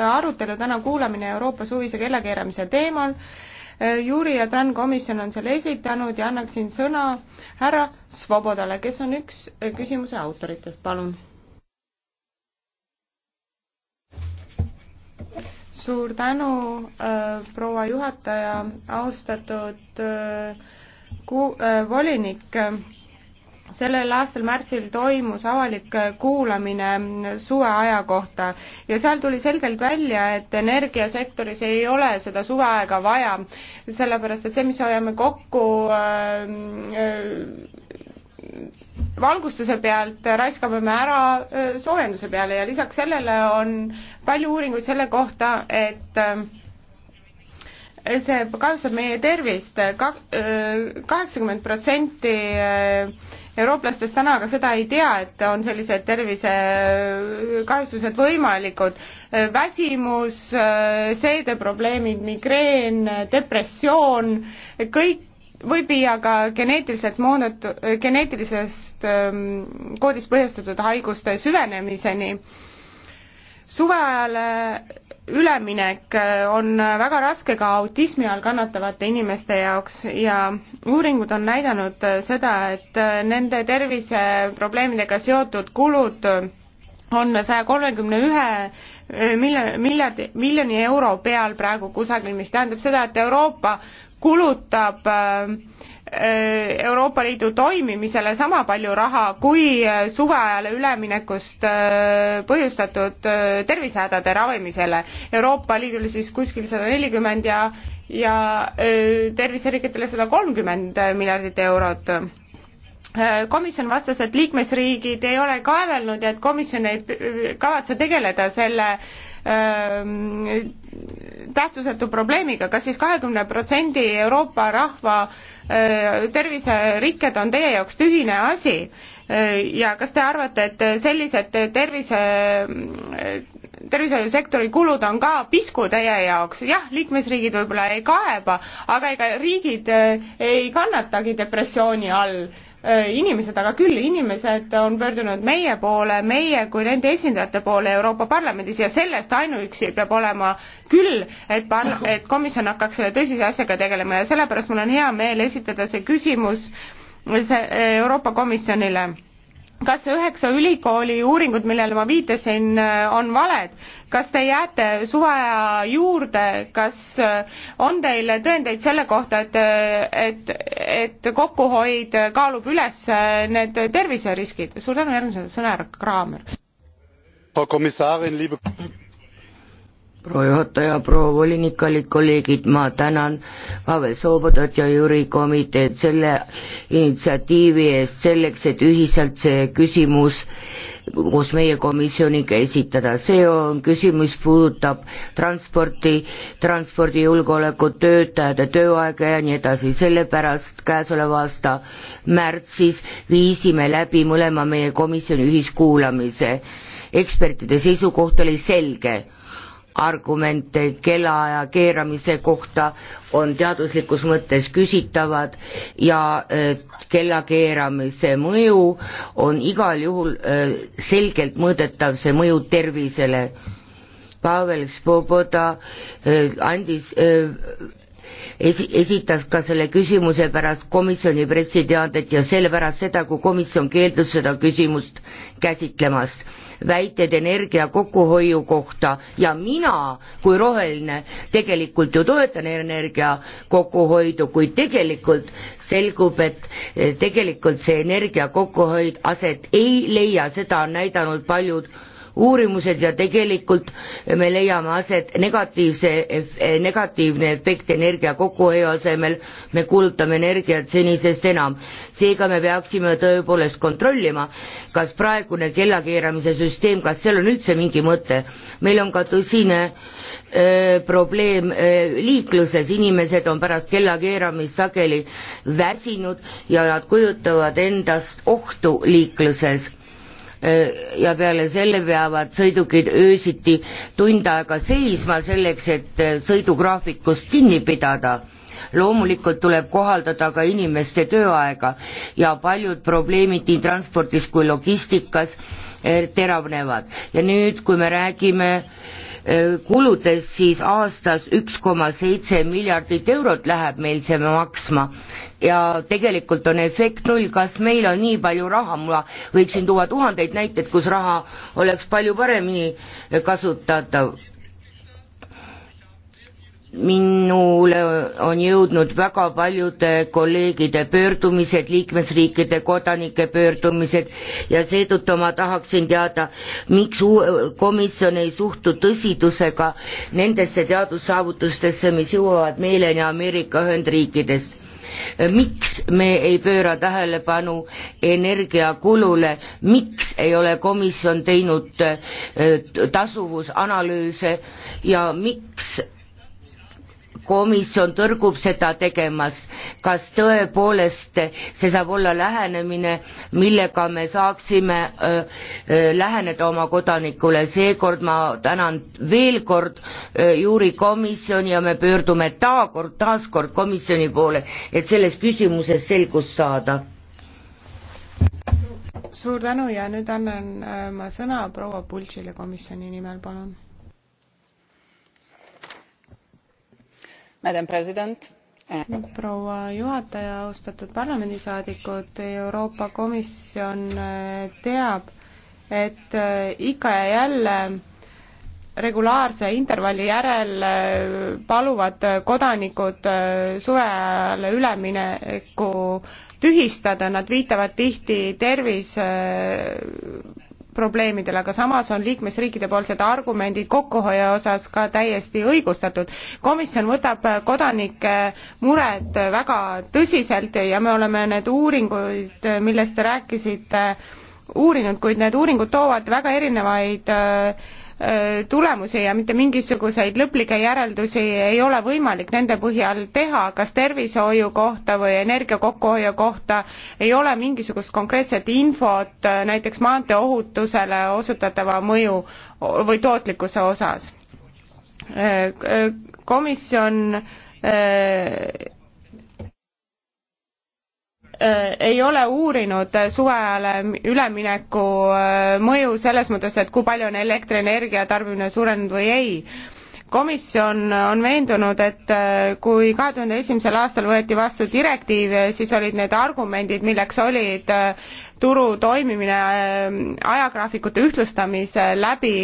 arutelu täna kuulamine Euroopa suvise kellakeeramise teemal. Juri ja Tran komisjon on selle esitanud ja annaksin sõna härra Svobodale, kes on üks küsimuse autoritest, palun. suur tänu äh,, proua juhataja, austatud äh, ku- äh,, volinik äh, sellel aastal märtsil toimus avalik kuulamine suveaja kohta ja seal tuli selgelt välja, et energiasektoris ei ole seda suveaega vaja, sellepärast et see, mis hoiame kokku äh, äh, valgustuse pealt raiskame me ära äh, soojenduse peale ja lisaks sellele on palju uuringuid selle kohta, et see kahjustab meie tervist, kaheksakümmend protsenti eurooplastest täna aga seda ei tea, et on sellised tervisekahjustused võimalikud. väsimus, seedeprobleemid, migreen, depressioon, kõik võib viia ka geneetiliselt moonut-, geneetilisest ähm, koodist põhjustatud haiguste süvenemiseni. suveajale äh, üleminek on väga raske ka autismi all kannatavate inimeste jaoks ja uuringud on näidanud seda, et nende terviseprobleemidega seotud kulud on saja kolmekümne ühe miljardi, miljoni euro peal praegu kusagil, mis tähendab seda, et Euroopa kulutab äh, Äh, Euroopa Liidu toimimisele sama palju raha kui äh, suveajale üleminekust äh, põhjustatud tervisehädade ravimisele. Euroopa Liidul siis kuskil sada nelikümmend ja, ja terviseriikidele sada kolmkümmend miljardit eurot komisjon vastas, et liikmesriigid ei ole kaevelnud ja et komisjon ei kavatse tegeleda selle öö, ähm, tähtsusetu probleemiga, kas siis kahekümne protsendi Euroopa rahva äh, terviserikked on teie jaoks tühine asi äh, ja kas te arvate, et sellised tervise, tervishoiusektori kulud on ka pisku teie jaoks, jah, liikmesriigid võib-olla ei kaeba, aga ega riigid äh, ei kannatagi depressiooni all Äh, inimesed, aga küll inimesed on pöördunud meie poole, meie kui nende esindajate poole Euroopa Parlamendis ja sellest ainuüksi peab olema küll, et par-, et komisjon hakkaks selle tõsise asjaga tegelema ja sellepärast mul on hea meel esitada see küsimus see äh, Euroopa Komisjonile kas üheksa ülikooli uuringut, millele ma viitasin, on valed? kas te jääte suveaja juurde, kas äh, on teil tõendeid selle kohta, et, et, et kokkuhoid kaalub üles äh, need terviseriskid? suur tänu, järgmisena sõna härra Kraamer proua juhataja, proua volinik, kallid kolleegid, ma tänan Pavel Sobodat ja Jüri komiteed selle initsiatiivi eest selleks, et ühiselt see küsimus koos meie komisjoniga esitada, see on küsimus, puudutab transporti, transpordijulgeolekut, töötajate tööaega ja nii edasi, sellepärast käesoleva aasta märtsis viisime läbi mõlema meie komisjoni ühiskuulamise. ekspertide seisukoht oli selge argumente kellaaja keeramise kohta on teaduslikus mõttes küsitavad ja äh, kella keeramise mõju on igal juhul äh, selgelt mõõdetav, see mõju tervisele. Pavel Svoboda äh, andis esi-, esitas ka selle küsimuse pärast komisjoni pressiteadet ja sellepärast seda, kui komisjon keeldus seda küsimust käsitlemast väited energia kokkuhoiu kohta ja mina kui roheline tegelikult ju toetan energia kokkuhoidu, kuid tegelikult selgub, et eh, tegelikult see energia kokkuhoid aset ei leia, seda on näidanud paljud uurimused ja tegelikult me leiame aset negatiivse, eh, negatiivne efekt energia kokkuhoiu asemel, me kulutame energiat senisest enam. seega me peaksime tõepoolest kontrollima, kas praegune kellakeeramise süsteem, kas seal on üldse mingi mõte. meil on ka tõsine öö, eh, probleem öö, eh, liikluses, inimesed on pärast kellakeeramist sageli väsinud ja nad kujutavad endast ohtu liikluses Äh, ja peale selle peavad sõidukid öösiti tund aega seisma selleks, et äh, sõidugraafikust kinni pidada. loomulikult tuleb kohaldada ka inimeste tööaega ja paljud probleemid nii transpordis kui logistikas äh, teravnevad ja nüüd, kui me räägime äh, Äh, kuludes, siis aastas üks koma seitse miljardit eurot läheb meil see maksma. ja tegelikult on efekt null, kas meil on nii palju raha, ma võiksin tuua tuhandeid näiteid, kus raha oleks palju paremini kasutatav minule on jõudnud väga paljude kolleegide pöördumised, liikmesriikide kodanike pöördumised ja seetõttu ma tahaksin teada, miks komisjon ei suhtu tõsidusega nendesse teadussaavutustesse, mis jõuavad meileni Ameerika Ühendriikidest miks me ei pööra tähelepanu energiakulule, miks ei ole komisjon teinud eh, tasuvusanalüüse ja miks komisjon tõrgub seda tegemas, kas tõepoolest see saab olla lähenemine, millega me saaksime öö, öö, läheneda oma kodanikule, seekord ma tänan veel kord juurikomisjoni ja me pöördume taakord, taaskord komisjoni poole, et selles küsimuses selgust saada. suur tänu ja nüüd annan ma sõna proua Pultšile komisjoni nimel, palun Eh, proua juhataja, austatud parlamendisaadikud, Euroopa Komisjon eh, teab, et eh, ikka ja jälle regulaarse intervalli järel paluvad kodanikud suvele ülemineku tühistada, nad viitavad tihti tervise probleemidele, aga samas on liikmesriikide poolsed argumendid kokkuhoiu osas ka täiesti õigustatud. komisjon võtab kodanike mured väga tõsiselt ja me oleme need uuringud, millest te rääkisite, uurinud, kuid need uuringud toovad väga erinevaid äh, äh, tulemusi ja mitte mingisuguseid lõplikke järeldusi ei ole võimalik nende põhjal teha, kas tervishoiu kohta või energia kokkuhoiu kohta ei ole mingisugust konkreetset infot äh, näiteks maanteeohutusele osutatava mõju või tootlikkuse osas. komisjon Äh, ei ole uurinud suveajale ülemineku äh, mõju selles mõttes, et kui palju on elektrienergia tarbimine suurenenud või ei komisjon on veendunud, et äh, kui kahe tuhande esimesel aastal võeti vastu direktiiv, siis olid need argumendid, milleks olid turu toimimine ajagraafikute ühtlustamise läbi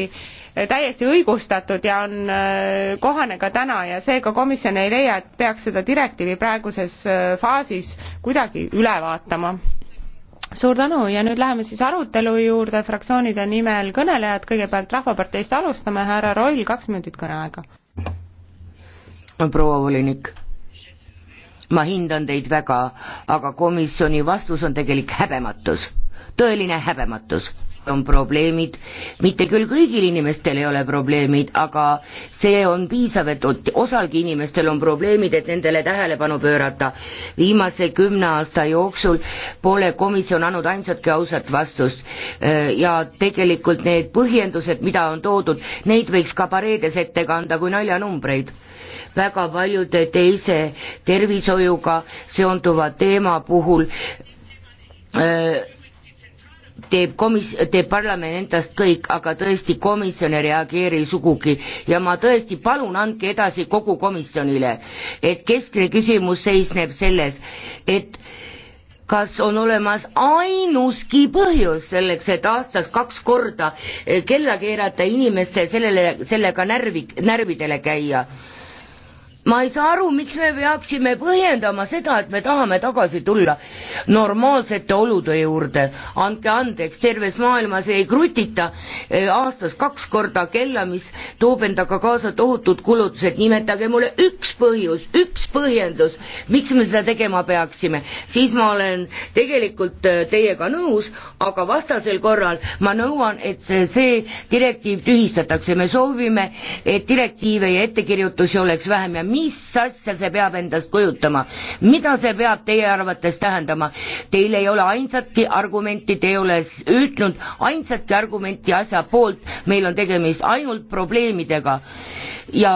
täiesti õigustatud ja on äh, kohane ka täna ja seega komisjon ei leia, et peaks seda direktiivi praeguses äh, faasis kuidagi üle vaatama. suur tänu ja nüüd läheme siis arutelu juurde, fraktsioonide nimel kõnelejad, kõigepealt Rahvaparteist alustame, härra Roil, kaks minutit kõneaega. proua volinik ma hindan teid väga, aga komisjoni vastus on tegelik häbematus, tõeline häbematus on probleemid, mitte küll kõigil inimestel ei ole probleemid, aga see on piisav, et osalgi inimestel on probleemid, et nendele tähelepanu pöörata. viimase kümne aasta jooksul pole komisjon andnud ainsatki ausat vastust äh, ja tegelikult need põhjendused, mida on toodud, neid võiks kabareedes ette kanda kui naljanumbreid väga paljude teise tervishoiuga seonduva teema puhul öö, äh, teeb komis-, teeb parlament endast kõik, aga tõesti, komisjon ei reageeri sugugi ja ma tõesti palun, andke edasi kogu komisjonile, et keskne küsimus seisneb selles, et kas on olemas ainuski põhjus selleks, et aastas kaks korda kella keerata inimeste sellele, sellega närvi, närvidele käia ma ei saa aru, miks me peaksime põhjendama seda, et me tahame tagasi tulla normaalsete olude juurde. andke andeks, terves maailmas ei krutita eh, aastas kaks korda kella, mis toob endaga kaasa tohutud kulutused. nimetage mulle üks põhjus, üks põhjendus, miks me seda tegema peaksime. siis ma olen tegelikult eh, teiega nõus, aga vastasel korral ma nõuan, et see, see direktiiv tühistatakse. me soovime, et direktiive ja ettekirjutusi oleks vähem ja mis asja see peab endast kujutama, mida see peab teie arvates tähendama? Teil ei ole ainsatki argumenti, te ei ole ütelnud ainsatki argumenti asja poolt, meil on tegemist ainult probleemidega ja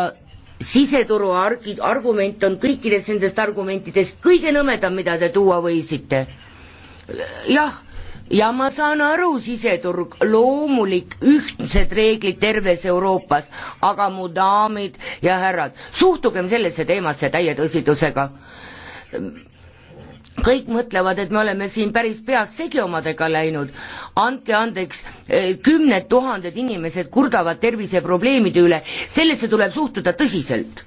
siseturu arg-, argument on kõikidest nendest argumentidest kõige nõmedam, mida te tuua võisite. jah ja ma saan aru, siseturg, loomulik ühtsed reeglid terves Euroopas, aga mu daamid ja härrad, suhtugem sellesse teemasse täie tõsidusega. kõik mõtlevad, et me oleme siin päris peast segi omadega läinud. andke andeks, eh, kümned tuhanded inimesed kurdavad terviseprobleemide üle, sellesse tuleb suhtuda tõsiselt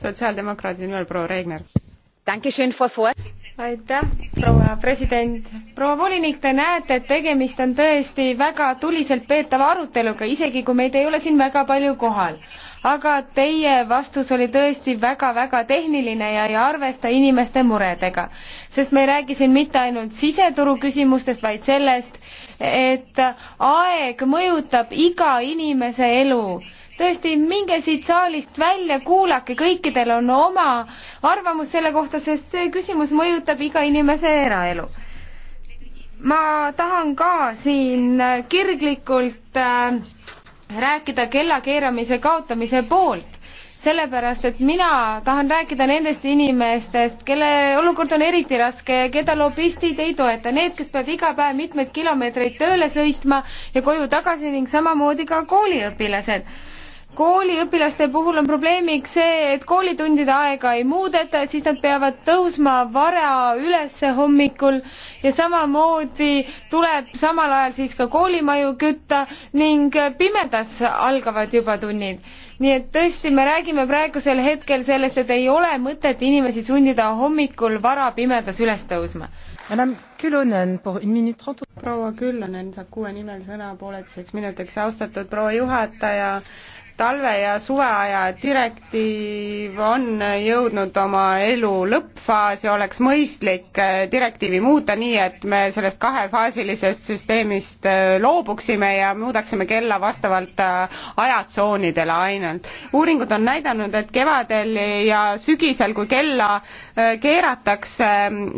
sotsiaaldemokraatide nimel proua regner aitäh, proua president. proua volinik, te näete, et tegemist on tõesti väga tuliselt peetava aruteluga, isegi kui meid ei ole siin väga palju kohal. aga teie vastus oli tõesti väga-väga tehniline ja ei arvesta inimeste muredega. sest me ei räägi siin mitte ainult siseturu küsimustest, vaid sellest, et aeg mõjutab iga inimese elu tõesti, minge siit saalist välja, kuulake, kõikidel on oma arvamus selle kohta, sest see küsimus mõjutab iga inimese eraelu. ma tahan ka siin kirglikult äh, rääkida kellakeeramise kaotamise poolt, sellepärast et mina tahan rääkida nendest inimestest, kelle olukord on eriti raske ja keda lobistid ei toeta, need, kes peavad iga päev mitmeid kilomeetreid tööle sõitma ja koju tagasi ning samamoodi ka kooliõpilased kooliõpilaste puhul on probleemiks see, et koolitundide aega ei muudeta, siis nad peavad tõusma vara üles hommikul ja samamoodi tuleb samal ajal siis ka koolimaju kütta ning pimedas algavad juba tunnid. nii et tõesti, me räägime praegusel hetkel sellest, et ei ole mõtet inimesi sundida hommikul vara pimedas üles tõusma. proua Küllönen saab kuue nimel sõna pooleteiseks minutiks, austatud proua juhataja talve ja suveaja direktiiv on jõudnud oma elu lõppfaasi, oleks mõistlik äh, direktiivi muuta nii, et me sellest kahefaasilisest süsteemist äh, loobuksime ja muudaksime kella vastavalt äh, ajatsoonidele ainult. uuringud on näidanud, et kevadel ja sügisel, kui kella keeratakse,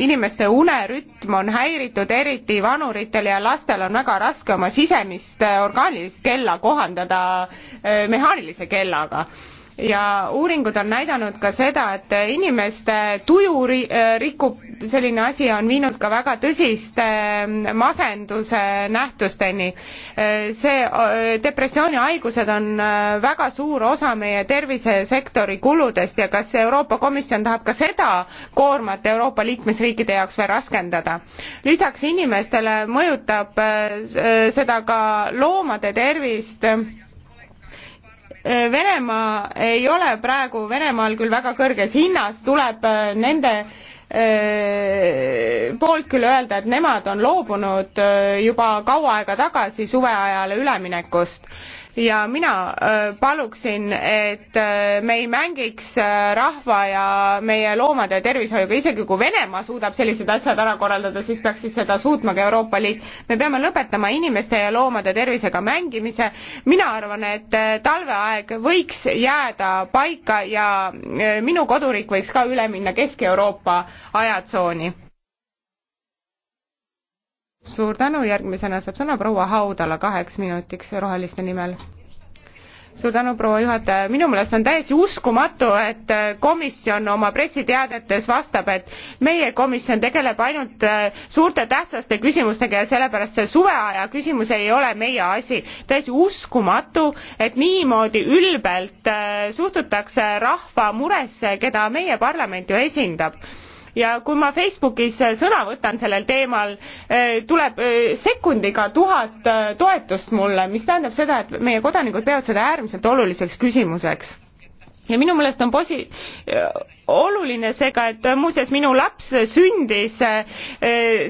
inimeste unerütm on häiritud, eriti vanuritel ja lastel on väga raske oma sisemist orgaanilist kella kohandada mehaaniliselt stationaarilise kellaga ja uuringud on näidanud ka seda, et inimeste tuju ri-, äh, rikub selline asi, on viinud ka väga tõsiste ähm, masenduse nähtusteni. Äh, see, äh, depressioonihaigused on väga suur osa meie tervisesektori kuludest ja kas Euroopa Komisjon tahab ka seda koormat Euroopa liikmesriikide jaoks veel raskendada? lisaks inimestele mõjutab seda ka loomade tervist Äh, Venemaa ei ole praegu Venemaal küll väga kõrges hinnas, tuleb äh, nende äh, poolt küll öelda, et nemad on loobunud juba kaua aega tagasi suveajale üleminekust ja mina äh, paluksin, et äh, me ei mängiks äh, rahva ja meie loomade tervishoiuga, isegi kui Venemaa suudab sellised asjad ära korraldada, siis peaksid seda suutma ka Euroopa Liit. me peame lõpetama inimeste ja loomade tervisega mängimise. mina arvan, et talveaeg võiks jääda paika ja minu koduriik võiks ka üle minna Kesk-Euroopa ajatsooni suur tänu, järgmisena saab sõna proua Haudala kaheks minutiks roheliste nimel. suur tänu, proua juhataja, minu meelest on täiesti uskumatu, et äh, komisjon oma pressiteadetes vastab, et meie komisjon tegeleb ainult äh, suurte tähtsaste küsimustega ja sellepärast see suveaja küsimus ei ole meie asi. täiesti uskumatu, et niimoodi ülbelt äh, suhtutakse rahva muresse, keda meie parlament ju esindab ja kui ma Facebookis sõna võtan sellel teemal, eh, tuleb eh, sekundiga tuhat eh, toetust mulle, mis tähendab seda, et meie kodanikud peavad seda äärmiselt oluliseks küsimuseks ja minu meelest on posi- äh, oluline see ka et muuseas minu laps sündis äh,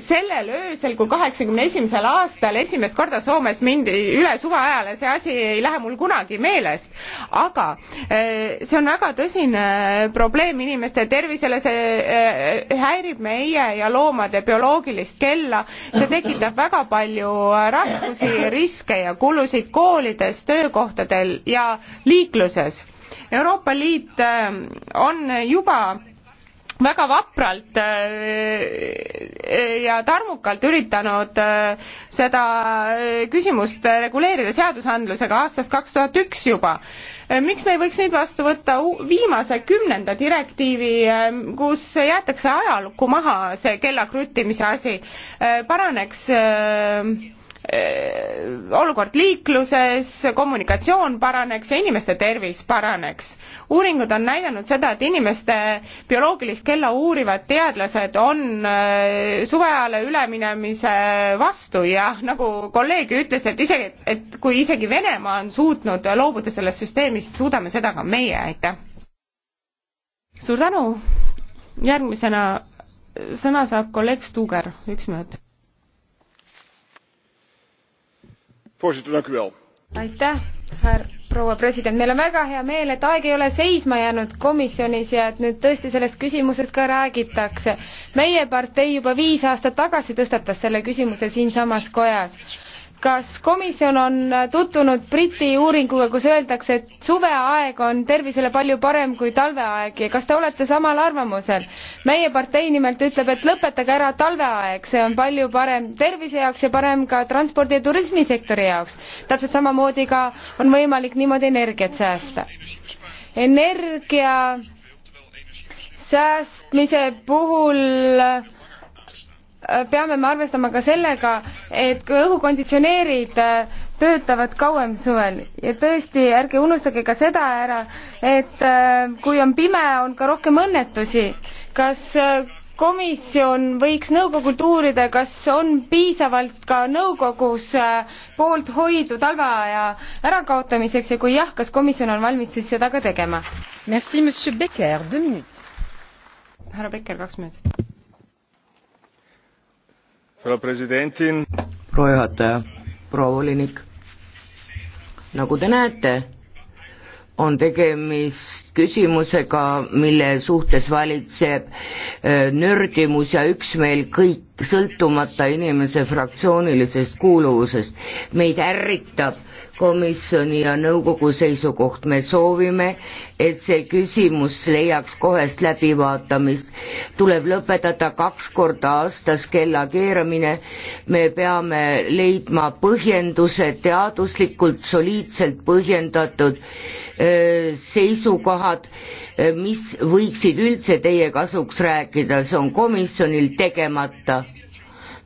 sellel öösel kui kaheksakümne esimesel aastal esimest korda soomes mindi üle suveajale see asi ei lähe mul kunagi meelest aga äh, see on väga tõsine probleem inimeste tervisele see häirib meie ja loomade bioloogilist kella see tekitab väga palju raskusi riske ja kulusid koolides töökohtadel ja liikluses Euroopa Liit äh, on juba väga vapralt äh, äh, ja tarmukalt üritanud seda küsimust reguleerida seadusandlusega aastast kaks tuhat üks juba. miks me ei võiks nüüd vastu võtta viimase kümnenda direktiivi, kus jäetakse ajalukku maha see kella kruttimise asi, paraneks Äh, olukord liikluses, kommunikatsioon paraneks ja inimeste tervis paraneks. uuringud on näidanud seda, et inimeste bioloogilist kella uurivad teadlased on äh, suveajale üleminemise vastu ja nagu kolleeg ütles, et isegi, et kui isegi Venemaa on suutnud loobuda sellest süsteemist, suudame seda ka meie, aitäh. suur tänu, järgmisena sõna saab kolleeg Stuger, üks minut aitäh proua president meil on väga hea meel et aeg ei ole seisma jäänud komisjonis ja et nüüd tõesti sellest küsimusest ka räägitakse meie partei juba viis aastat tagasi tõstatas selle küsimuse siinsamas kojas kas komisjon on tutvunud briti uuringuga kus öeldakse et suveaeg on tervisele palju parem kui talveaeg ja kas te olete samal arvamusel? meie partei nimelt ütleb, et lõpetage ära talveaeg, see on palju parem tervise jaoks ja parem ka transpordi ja turismisektori jaoks. täpselt samamoodi ka on võimalik niimoodi energiat säästa. energia säästmise puhul äh, peame me arvestama ka sellega, et kui õhukonditsioneerid äh, töötavad kauem suvel ja tõesti, ärge unustage ka seda ära, et äh, kui on pime, on ka rohkem õnnetusi kas äh, komisjon võiks nõukogult uurida, kas on piisavalt ka nõukogus äh, poolt hoidu talveaja ärakaotamiseks ja kui jah, kas komisjon on valmis siis seda ka tegema? härra Becker, kaks minutit. proua juhataja, proua volinik, nagu te näete on tegemist küsimusega, mille suhtes valitseb äh, nördimus ja üksmeel kõik sõltumata inimese fraktsioonilisest kuuluvusest. meid ärritab komisjoni ja nõukogu seisukoht, me soovime, et see küsimus leiaks kohest läbivaatamist. tuleb lõpetada kaks korda aastas kella keeramine, me peame leidma põhjenduse, teaduslikult soliidselt põhjendatud äh, seisukohad mis võiksid üldse teie kasuks rääkida, see on komisjonil tegemata.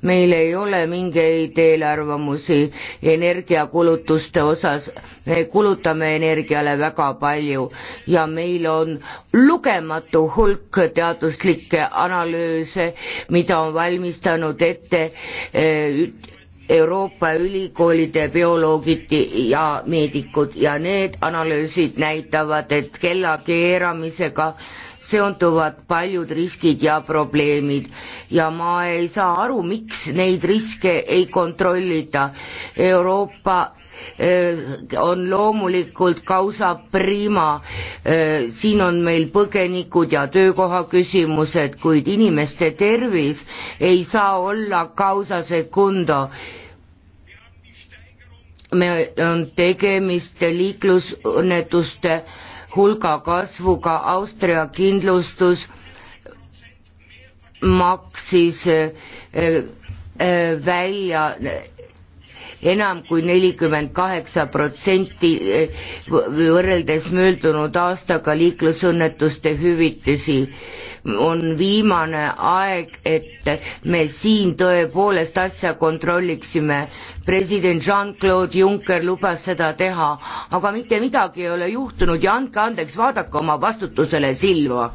meil ei ole mingeid eelarvamusi energiakulutuste osas, me kulutame energiale väga palju ja meil on lugematu hulk teaduslikke analüüse, mida on valmistanud ette eh, Euroopa ülikoolide bioloogid ja meedikud ja need analüüsid näitavad, et kella keeramisega seonduvad paljud riskid ja probleemid ja ma ei saa aru, miks neid riske ei kontrollita. Euroopa Eh, on loomulikult kausa prima, eh, siin on meil põgenikud ja töökoha küsimused, kuid inimeste tervis ei saa olla kausa sekundo me on tegemist liiklusõnnetuste hulga kasvuga, Austria kindlustus maksis eh, välja enam kui nelikümmend kaheksa protsenti eh, võrreldes möödunud aastaga liiklusõnnetuste hüvitisi. on viimane aeg, et me siin tõepoolest asja kontrolliksime. president Jean-Claude Juncker lubas seda teha, aga mitte midagi ei ole juhtunud ja andke andeks, vaadake oma vastutusele silma.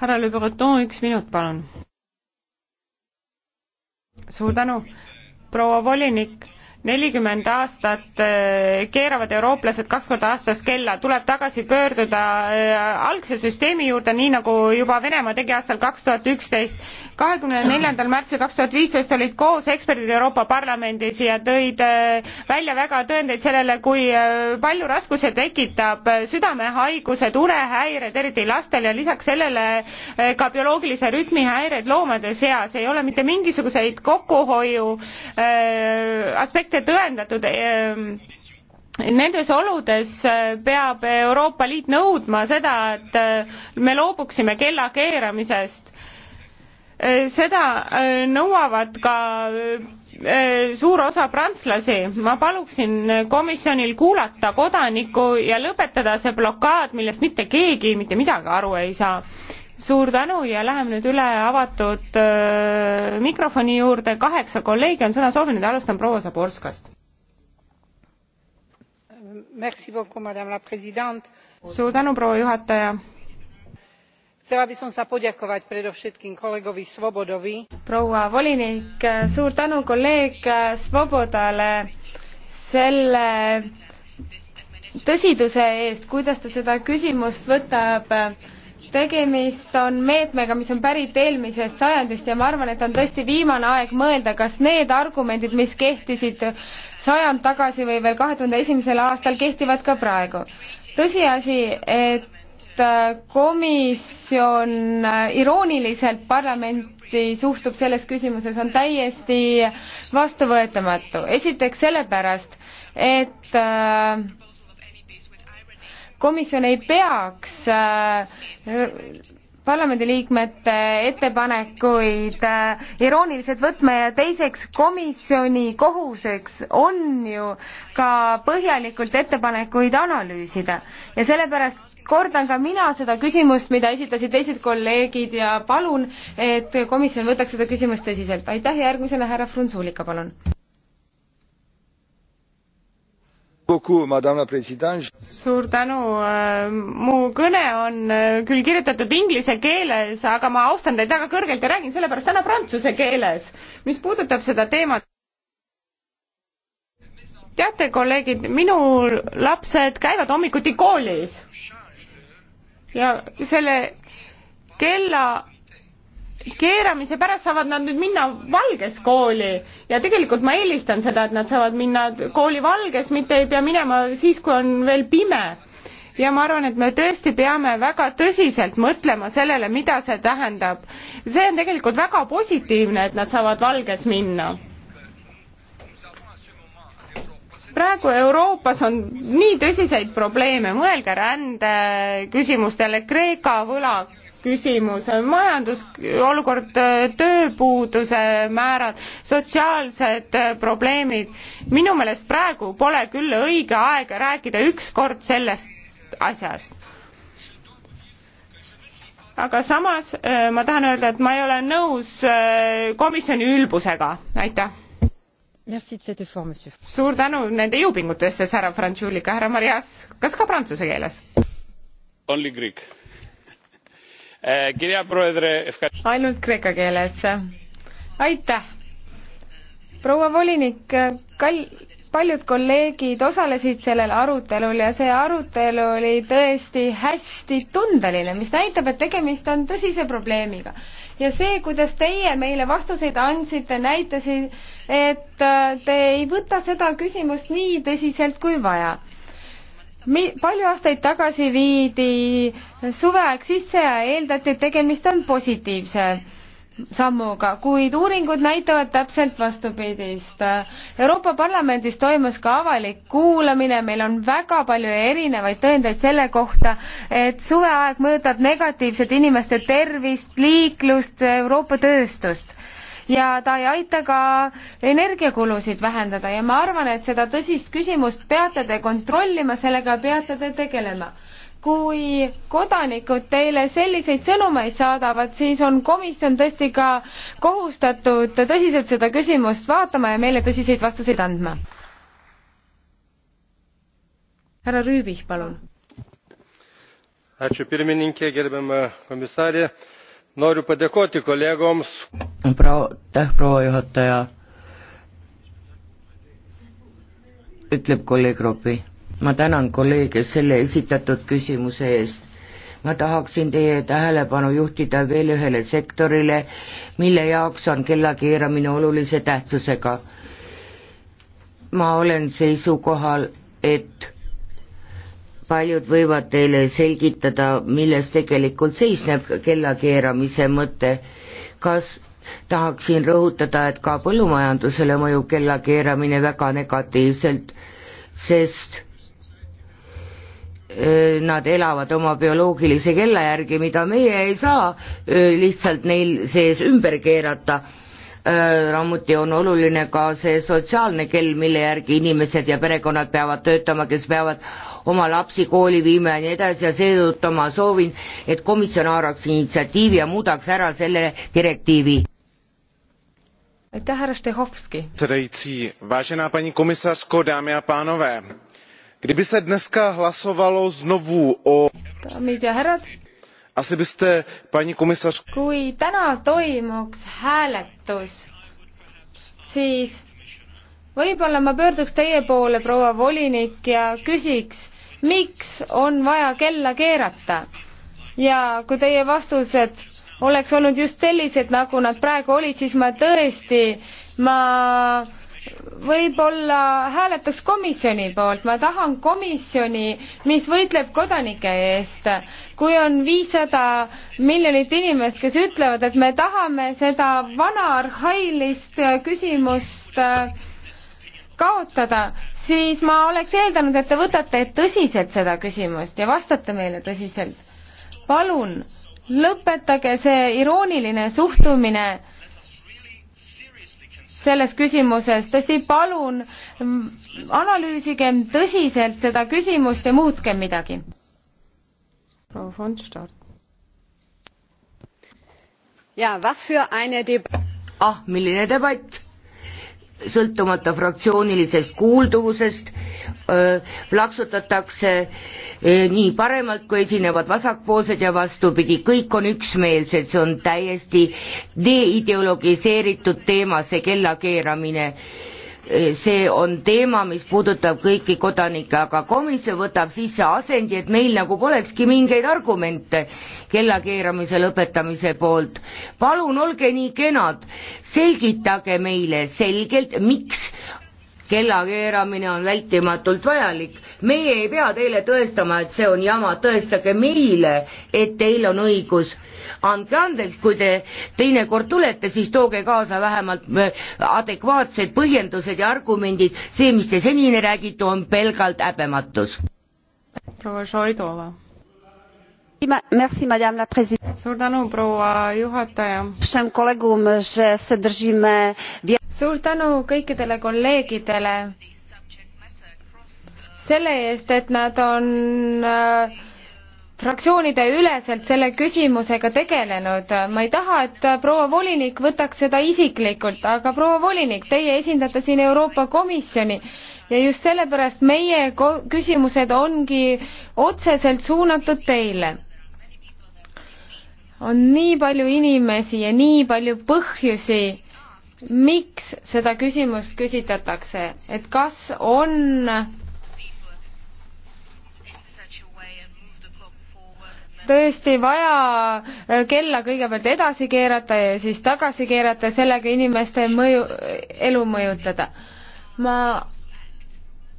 härra Le Breton, üks minut, palun suur tänu, proua volinik nelikümmend aastat eh, keeravad eurooplased kaks korda aastas kella, tuleb tagasi pöörduda eh, algse süsteemi juurde, nii nagu juba Venemaa tegi aastal kaks tuhat üksteist. kahekümne neljandal märtsil kaks tuhat viisteist olid koos eksperdid Euroopa Parlamendis ja tõid eh, välja väga tõendeid sellele, kui palju raskusi tekitab südamehaigused, unehäired, eriti lastel ja lisaks sellele ka bioloogilise rütmi häired loomade seas. ei ole mitte mingisuguseid kokkuhoiu aspekte mitte tõendatud ehm, nendes oludes eh, peab Euroopa Liit nõudma seda, et eh, me loobuksime kella keeramisest. Eh, seda nõuavad ka suur osa prantslasi. ma paluksin komisjonil kuulata kodanikku ja lõpetada see blokaad, millest mitte keegi mitte midagi aru ei saa suur tänu ja läheme nüüd üle avatud äh, mikrofoni juurde, kaheksa kolleegi on sõna soovinud ja alustan proua Zaborskast. suur tänu, proua juhataja. chcela by som sa poďakovať predovšetkým kolegovi Svobodovi. proua volinik, suur tänu kolleeg Svobodale selle tõsiduse eest, kuidas ta seda küsimust võtab tegemist on meetmega, mis on pärit eelmisest sajandist ja ma arvan, et on tõesti viimane aeg mõelda, kas need argumendid, mis kehtisid sajand tagasi või veel kahe tuhande esimesel aastal, kehtivad ka praegu. tõsiasi, et äh, komisjon äh, irooniliselt parlamenti suhtub selles küsimuses, on täiesti vastuvõetamatu. esiteks sellepärast, et äh, komisjon ei peaks äh, parlamendiliikmete ettepanekuid äh, irooniliselt võtma ja teiseks komisjoni kohuseks on ju ka põhjalikult ettepanekuid analüüsida ja sellepärast kordan ka mina seda küsimust, mida esitasid teised kolleegid ja palun, et komisjon võtaks seda küsimust tõsiselt. aitäh ja järgmisena härra Frunzulika, palun. suur tänu, äh, mu kõne on äh, küll kirjutatud inglise keeles, aga ma austan teid väga kõrgelt ja räägin sellepärast täna prantsuse keeles. mis puudutab seda teemat, teate, kolleegid, minu lapsed käivad hommikuti koolis ja selle kella keeramise pärast saavad nad nüüd minna valges kooli ja tegelikult ma eelistan seda, et nad saavad minna kooli valges, mitte ei pea minema siis, kui on veel pime. ja ma arvan, et me tõesti peame väga tõsiselt mõtlema sellele, mida see tähendab. see on tegelikult väga positiivne, et nad saavad valges minna praegu Euroopas on nii tõsiseid probleeme, mõelge rände küsimustele, Kreeka võlak, küsimus, majandusolukord, tööpuuduse määrad, sotsiaalsed äh, probleemid. minu meelest praegu pole küll õige aeg rääkida ükskord sellest asjast aga samas äh, ma tahan öelda, et ma ei ole nõus äh, komisjoni ülbusega, aitäh. suur tänu nende jõupingutustest, härra Frantsulika, härra Marias, kas ka prantsuse keeles? only Greek Eh, ainult kreeka keeles. aitäh! proua volinik, kall-, paljud kolleegid osalesid sellel arutelul ja see arutelu oli tõesti hästi tundeline, mis näitab, et tegemist on tõsise probleemiga. ja see, kuidas teie meile vastuseid andsite, näitasid, et te ei võta seda küsimust nii tõsiselt kui vaja mi-, palju aastaid tagasi viidi suveaeg sisse ja eeldati, et tegemist on positiivse sammuga, kuid uuringud näitavad täpselt vastupidist. Euroopa Parlamendis toimus ka avalik kuulamine, meil on väga palju erinevaid tõendeid selle kohta, et suveaeg mõjutab negatiivselt inimeste tervist, liiklust, Euroopa tööstust ja ta ei aita ka energiakulusid vähendada ja ma arvan, et seda tõsist küsimust peate te kontrollima, sellega peate te tegelema kui kodanikud teile selliseid sõnumeid saadavad, siis on komisjon tõesti ka kohustatud tõsiselt seda küsimust vaatama ja meile tõsiseid vastuseid andma. härra Rüübih, palun noriu padėkoti kolegoms. aitäh proua juhataja. ütleb kolleeg Ropi. ma tänan kolleege selle esitatud küsimuse eest. ma tahaksin teie tähelepanu juhtida veel ühele sektorile, mille jaoks on kellakeeramine olulise tähtsusega. ma olen seisukohal, et paljud võivad teile selgitada, milles tegelikult seisneb kellakeeramise mõte. kas tahaksin rõhutada, et ka põllumajandusele mõjub kellakeeramine väga negatiivselt, sest nad elavad oma bioloogilise kella järgi, mida meie ei saa lihtsalt neil sees ümber keerata samuti on oluline ka see sotsiaalne kell, mille järgi inimesed ja perekonnad peavad töötama, kes peavad oma lapsi kooli viima ja nii edasi ja seetõttu ma soovin, et komisjon haaraks initsiatiivi ja muudaks ära selle direktiivi. aitäh, härra Štehovski. Vážená paní komisařko, dámy a pánové, kdyby se dneska hlasovalo znovu o asi byste, paní komisařko... Kui täna toimuks hääletus, siis võib-olla ma pöörduks teie poole, proua volinik, ja küsiks, miks on vaja kella keerata? ja kui teie vastused oleks olnud just sellised, nagu nad praegu olid, siis ma tõesti, ma võib-olla hääletaks komisjoni poolt, ma tahan komisjoni, mis võitleb kodanike eest. kui on viissada miljonit inimest, kes ütlevad, et me tahame seda vana arhailist küsimust äh, kaotada, siis ma oleks eeldanud, et te võtate tõsiselt seda küsimust ja vastate meile tõsiselt. palun lõpetage see irooniline suhtumine selles küsimuses, tõesti palun analüüsigem tõsiselt seda küsimust ja muutkem midagi. proua von Start. ja, was für eine deb-. ah, milline debatt sõltumata fraktsioonilisest kuulduvusest plaksutatakse nii paremalt kui esinevad vasakpoolsed ja vastupidi, kõik on üksmeelsed, see on täiesti deideologiseeritud teema, see kellakeeramine Eh, see on teema, mis puudutab kõiki kodanikke, aga komisjon võtab sisse asendi, et meil nagu polekski mingeid argumente kellakeeramise lõpetamise poolt. palun olge nii kenad, selgitage meile selgelt, miks kella keeramine on vältimatult vajalik. meie ei pea teile tõestama, et see on jama, tõestage meile, et teil on õigus. andke andeks, kui te teinekord tulete, siis tooge kaasa vähemalt äh, adekvaatsed põhjendused ja argumendid, see, mis te senini räägite, on pelgalt häbematus. proua Šoidova suur tänu proua juhataja. všem kolegům že se držíme suur tänu kõikidele kolleegidele selle eest, et nad on äh, fraktsioonide üleselt selle küsimusega tegelenud. ma ei taha, et proua volinik võtaks seda isiklikult, aga proua volinik, teie esindate siin Euroopa Komisjoni ja just sellepärast meie küsimused ongi otseselt suunatud teile. on nii palju inimesi ja nii palju põhjusi, miks seda küsimust küsitatakse, et kas on tõesti vaja äh, kella kõigepealt edasi keerata ja siis tagasi keerata ja sellega inimeste mõju, elu mõjutada. ma,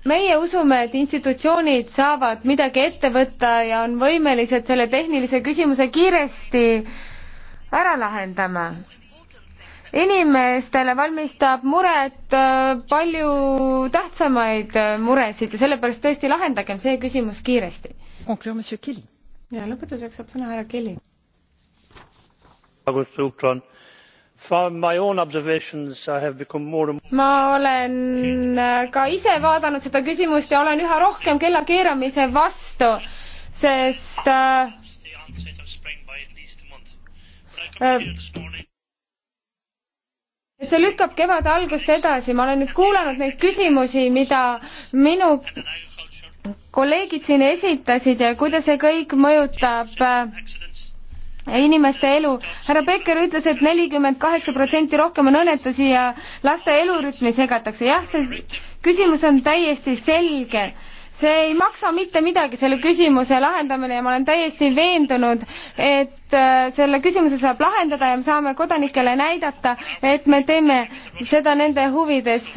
meie usume, et institutsioonid saavad midagi ette võtta ja on võimelised selle tehnilise küsimuse kiiresti ära lahendama inimestele valmistab muret äh, palju tähtsamaid äh, muresid ja sellepärast tõesti lahendagem see küsimus kiiresti. ja lõpetuseks saab sõna härra Kelly. ma olen äh, ka ise vaadanud seda küsimust ja olen üha rohkem kellakeeramise vastu, sest äh, see lükkab kevade algust edasi, ma olen nüüd kuulanud neid küsimusi, mida minu kolleegid siin esitasid ja kuidas see kõik mõjutab äh, inimeste elu. härra Becker ütles et, et nelikümmend kaheksa protsenti rohkem on õnnetusi ja laste elurütmi segatakse. jah, see küsimus on täiesti selge see ei maksa mitte midagi, selle küsimuse lahendamine ja ma olen täiesti veendunud, et äh, selle küsimuse saab lahendada ja me saame kodanikele näidata, et me teeme seda nende huvides.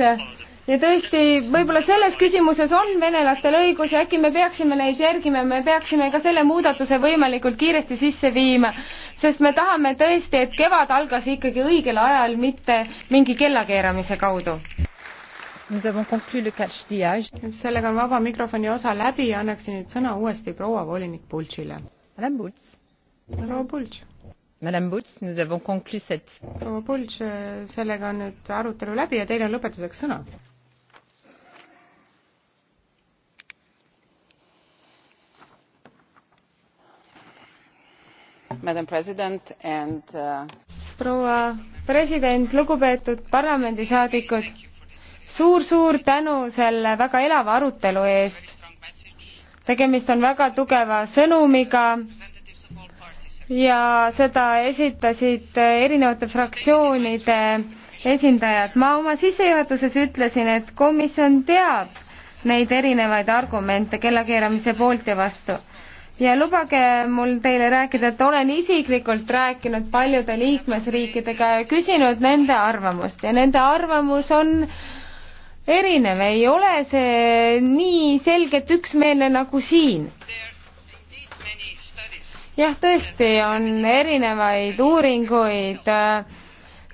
ja tõesti, võib-olla selles küsimuses on venelastel õigus ja äkki me peaksime neid järgima, me peaksime ka selle muudatuse võimalikult kiiresti sisse viima, sest me tahame tõesti, et kevad algas ikkagi õigel ajal, mitte mingi kellakeeramise kaudu sellega on vaba mikrofoni osa läbi ja annaksin nüüd sõna uuesti proua volinik bulcile. proua bulc. proua bulc sellega on nüüd arutelu läbi ja teil on lõpetuseks sõna. Uh, proua president lugupeetud parlamendisaadikud suur-suur tänu selle väga elava arutelu eest. tegemist on väga tugeva sõnumiga ja seda esitasid erinevate fraktsioonide esindajad. ma oma sissejuhatuses ütlesin, et komisjon teab neid erinevaid argumente kellakeeramise poolt ja vastu. ja lubage mul teile rääkida, et olen isiklikult rääkinud paljude liikmesriikidega ja küsinud nende arvamust ja nende arvamus on äh, erinev, ei ole see nii selgelt üksmeelne nagu siin. jah, tõesti on erinevaid uuringuid,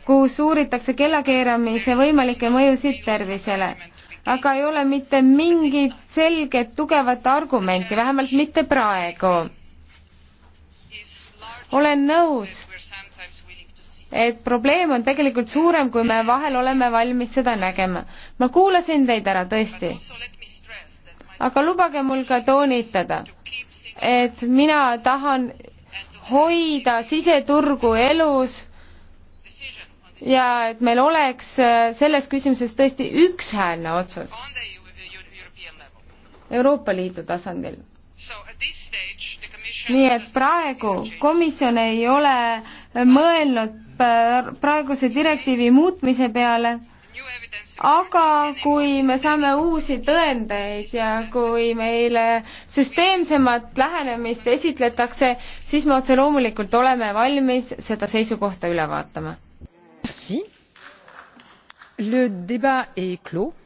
kus uuritakse kellakeeramise võimalikke mõjusid tervisele, aga ei ole mitte mingit selget tugevat argumenti, vähemalt mitte praegu. olen nõus, et probleem on tegelikult suurem, kui me vahel oleme valmis seda nägema. ma kuulasin teid ära tõesti. aga lubage mul ka toonitada, et mina tahan hoida siseturgu elus ja et meil oleks äh, selles küsimuses tõesti ükshäälne otsus Euroopa Liidu tasandil. nii et praegu komisjon ei ole mõelnud Äh, praeguse direktiivi muutmise peale, aga kui me saame uusi tõendeid ja kui meile süsteemsemat lähenemist esitletakse, siis me otse loomulikult oleme valmis seda seisukohta üle vaatama. Le débat est clos.